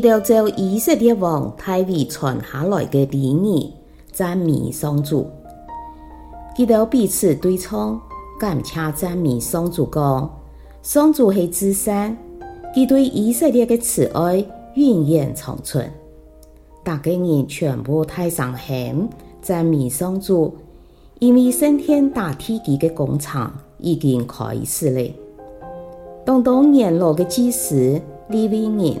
佢就做以色列王大衛傳下來的禮儀，讚美雙主。佢就彼此對唱，感謝讚美雙主講：雙主係至善，佢對以色列的慈愛永遠長存。大家人全部太上喊：讚美雙主，因為升天大天地的工廠已經開始了。當當年老的祭司利未人，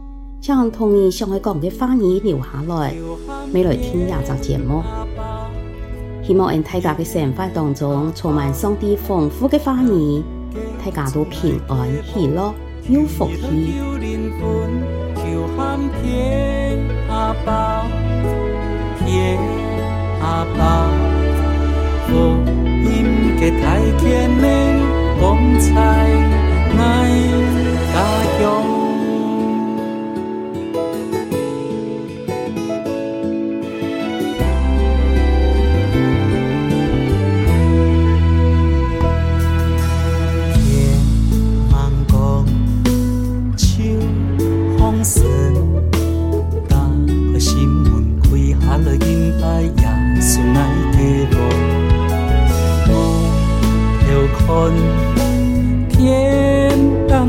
像同義上帝講嘅話語留下來，未來聽下咱節目。希望在大家嘅生活當中充滿上帝豐富嘅話語，大家都平安喜樂有福氣。嗯